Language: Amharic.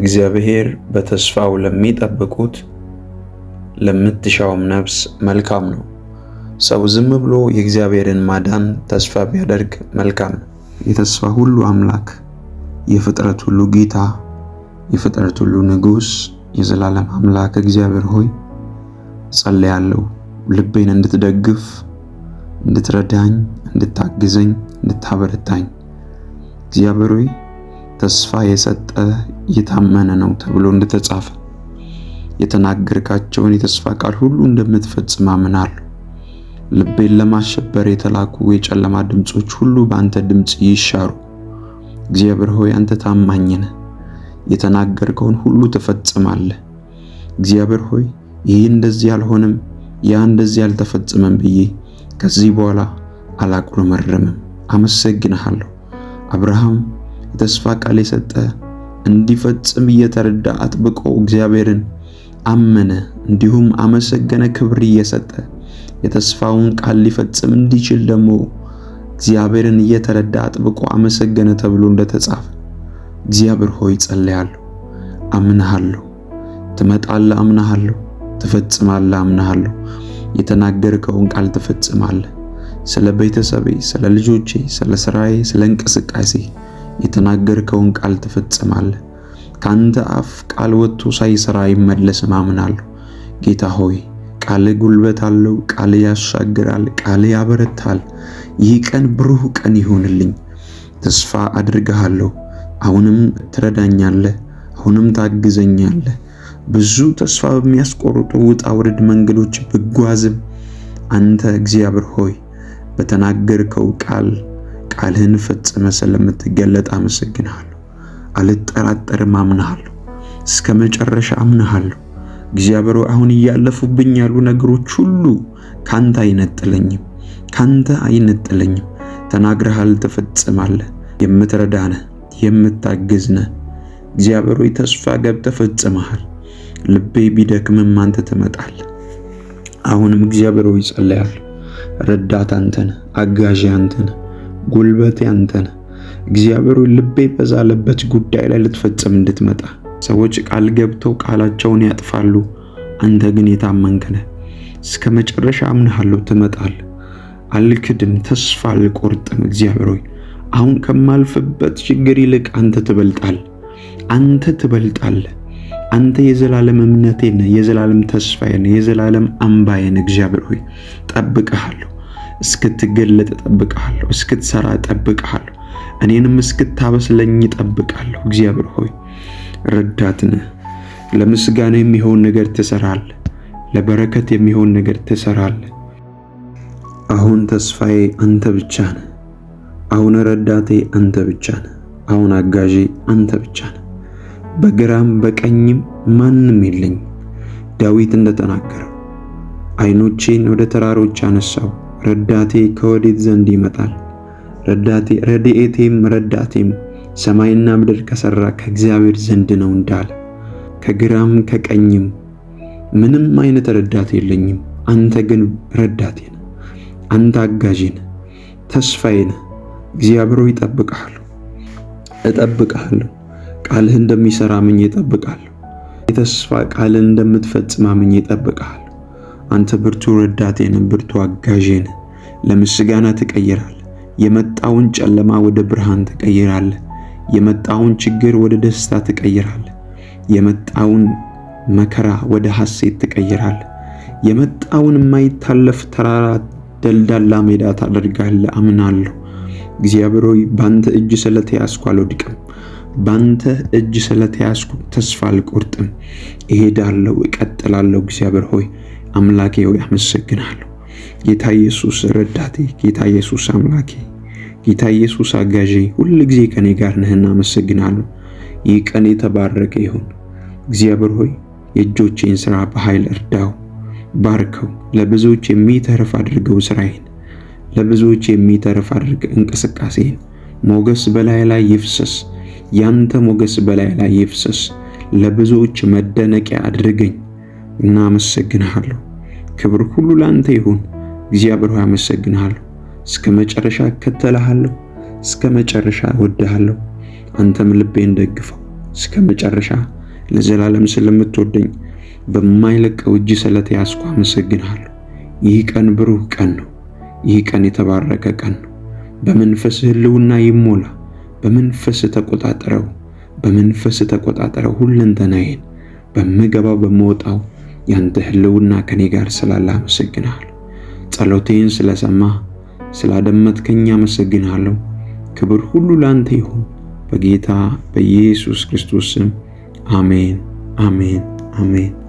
እግዚአብሔር በተስፋው ለሚጠብቁት ለምትሻውም ነፍስ መልካም ነው። ሰው ዝም ብሎ የእግዚአብሔርን ማዳን ተስፋ ቢያደርግ መልካም ነው። የተስፋ ሁሉ አምላክ፣ የፍጥረት ሁሉ ጌታ፣ የፍጥረት ሁሉ ንጉሥ፣ የዘላለም አምላክ እግዚአብሔር ሆይ ጸልያለሁ ልቤን እንድትደግፍ እንድትረዳኝ፣ እንድታግዘኝ፣ እንድታበረታኝ እግዚአብሔር ሆይ ተስፋ የሰጠ የታመነ ነው ተብሎ እንደተጻፈ የተናገርካቸውን የተስፋ ቃል ሁሉ እንደምትፈጽም አምናለሁ። ልቤን ለማሸበር የተላኩ የጨለማ ድምፆች ሁሉ በአንተ ድምፅ ይሻሩ። እግዚአብሔር ሆይ አንተ ታማኝ ነህ፣ የተናገርከውን ሁሉ ትፈጽማለህ። እግዚአብሔር ሆይ ይህ እንደዚህ አልሆነም ያ እንደዚህ አልተፈጽመም ብዬ ከዚህ በኋላ አላቁረመረምም አመሰግንሃለሁ አብርሃም የተስፋ ቃል የሰጠ እንዲፈጽም እየተረዳ አጥብቆ እግዚአብሔርን አመነ፣ እንዲሁም አመሰገነ። ክብር እየሰጠ የተስፋውን ቃል ሊፈጽም እንዲችል ደግሞ እግዚአብሔርን እየተረዳ አጥብቆ አመሰገነ ተብሎ እንደተጻፈ እግዚአብሔር ሆይ ጸልያለሁ፣ አምናሃለሁ፣ ትመጣለህ፣ አምናሃለሁ፣ ትፈጽማለህ፣ አምናሃለሁ፣ የተናገርከውን ቃል ትፈጽማለህ። ስለ ቤተሰቤ፣ ስለ ልጆቼ፣ ስለ ስራዬ፣ ስለ እንቅስቃሴ የተናገርከውን ቃል ትፈጽማለህ። ካንተ አፍ ቃል ወጥቶ ሳይሰራ ይመለስም አምናለሁ። ጌታ ሆይ ቃል ጉልበት አለው። ቃል ያሻግራል። ቃል ያበረታል። ይህ ቀን ብሩህ ቀን ይሆንልኝ። ተስፋ አድርግሃለሁ። አሁንም ትረዳኛለህ፣ አሁንም ታግዘኛለህ። ብዙ ተስፋ በሚያስቆርጡ ውጣ ውረድ መንገዶች ብጓዝም አንተ እግዚአብሔር ሆይ በተናገርከው ቃል ቃልህን ፈጽመ ስለምትገለጥ አመሰግንሃለሁ። አልጠራጠርም፣ አምንሃለሁ። እስከ መጨረሻ አምንሃለሁ። እግዚአብሔር አሁን እያለፉብኝ ያሉ ነገሮች ሁሉ ካንተ አይነጥለኝም፣ ካንተ አይነጥለኝም። ተናግረሃል፣ ትፈጽማለህ። የምትረዳነህ የምታግዝነህ እግዚአብሔር ሆይ ተስፋ ገብተህ ፈጽመሃል። ልቤ ቢደክምም አንተ ትመጣለህ። አሁንም እግዚአብሔር ሆይ ጸልያለሁ። ረዳት አንተ ነህ፣ አጋዥ አንተ ነህ። ጉልበቴ አንተ ነህ። እግዚአብሔር ልቤ በዛለበት ጉዳይ ላይ ልትፈጽም እንድትመጣ ሰዎች ቃል ገብተው ቃላቸውን ያጥፋሉ፣ አንተ ግን የታመንክ ነህ። እስከ መጨረሻ አምንሃለሁ፣ አልክድም፣ ተስፋ አልቆርጥም። እግዚአብሔር ሆይ አሁን ከማልፍበት ችግር ይልቅ አንተ ትበልጣል፣ አንተ ትበልጣል። አንተ የዘላለም እምነቴ ነህ፣ የዘላለም ተስፋዬ ነህ፣ የዘላለም አምባዬ ነህ። እግዚአብሔር ሆይ ጠብቀሃለሁ። እስክትገለጥ እጠብቅሃለሁ፣ እስክትሰራ እጠብቅሃለሁ፣ እኔንም እስክታበስለኝ እጠብቃለሁ። እግዚአብሔር ሆይ ረዳት ነህ። ለምስጋና የሚሆን ነገር ትሰራል ለበረከት የሚሆን ነገር ትሰራል አሁን ተስፋዬ አንተ ብቻ ነህ። አሁን ረዳቴ አንተ ብቻ ነህ። አሁን አጋዤ አንተ ብቻ ነህ። በግራም በቀኝም ማንም የለኝ ዳዊት እንደተናገረው ዓይኖቼን ወደ ተራሮች አነሳው ረዳቴ ከወዴት ዘንድ ይመጣል? ረዳቴ ረድኤቴም ረዳቴም ሰማይና ምድር ከሰራ ከእግዚአብሔር ዘንድ ነው እንዳለ ከግራም ከቀኝም ምንም አይነት ረዳት የለኝም። አንተ ግን ረዳቴ ነህ፣ አንተ አጋዤ ነህ፣ ተስፋዬ ነህ። እግዚአብሔር ይጠብቅሃለሁ፣ እጠብቅሃለሁ። ቃልህ እንደሚሰራ ምኝ እጠብቅሃለሁ። የተስፋ ቃልን እንደምትፈጽም ምኝ እጠብቅሃለሁ። አንተ ብርቱ ረዳቴ ነህ፣ ብርቱ አጋዤ ነህ። ለምስጋና ትቀይራል የመጣውን ጨለማ ወደ ብርሃን ትቀይራል የመጣውን ችግር ወደ ደስታ ትቀይራል የመጣውን መከራ ወደ ሐሴት ትቀይራል የመጣውን የማይታለፍ ተራራ ደልዳላ ሜዳ ታደርጋለ። አምናለሁ። እግዚአብሔር ሆይ ባንተ እጅ ስለተያዝኩ አልወድቅም። ባንተ እጅ ስለተያዝኩ ተስፋ አልቆርጥም። እሄዳለሁ፣ እቀጥላለሁ። እግዚአብሔር ሆይ አምላኬ ሆይ አመሰግናለሁ። ጌታ ኢየሱስ ረዳቴ፣ ጌታ ኢየሱስ አምላኬ፣ ጌታ ኢየሱስ አጋዤ፣ ሁል ጊዜ ከኔ ጋር ነህና አመሰግናለሁ። ይህ ቀን የተባረከ ይሁን። እግዚአብሔር ሆይ የእጆቼን ስራ በኃይል እርዳው፣ ባርከው። ለብዙዎች የሚተርፍ አድርገው ሥራዬን፣ ለብዙዎች የሚተርፍ አድርገ እንቅስቃሴን። ሞገስ በላይ ላይ ይፍሰስ፣ ያንተ ሞገስ በላይ ላይ ይፍሰስ። ለብዙዎች መደነቂያ አድርገኝ። እና አመሰግንሃለሁ። ክብር ሁሉ ላንተ ይሁን። እግዚአብሔር ሆይ አመሰግንሃለሁ። እስከ መጨረሻ እከተልሃለሁ። እስከ መጨረሻ እወድሃለሁ። አንተም ልቤን ደግፈው። እስከ መጨረሻ ለዘላለም ስለምትወደኝ በማይለቀው እጅ ስለተያዝኩ አመሰግንሃለሁ። ይህ ቀን ብሩህ ቀን ነው። ይህ ቀን የተባረከ ቀን ነው። በመንፈስ ህልውና ይሞላ። በመንፈስ ተቆጣጠረው። በመንፈስ ተቆጣጠረው ሁለንተናዬን በምገባው በምወጣው ያንተ ህልውና ከኔ ጋር ስላለ አመሰግንሃለሁ። ጸሎቴን ስለሰማህ ስላደመጥከኝ አመሰግንሃለሁ። ክብር ሁሉ ላንተ ይሁን በጌታ በኢየሱስ ክርስቶስ ስም አሜን፣ አሜን፣ አሜን።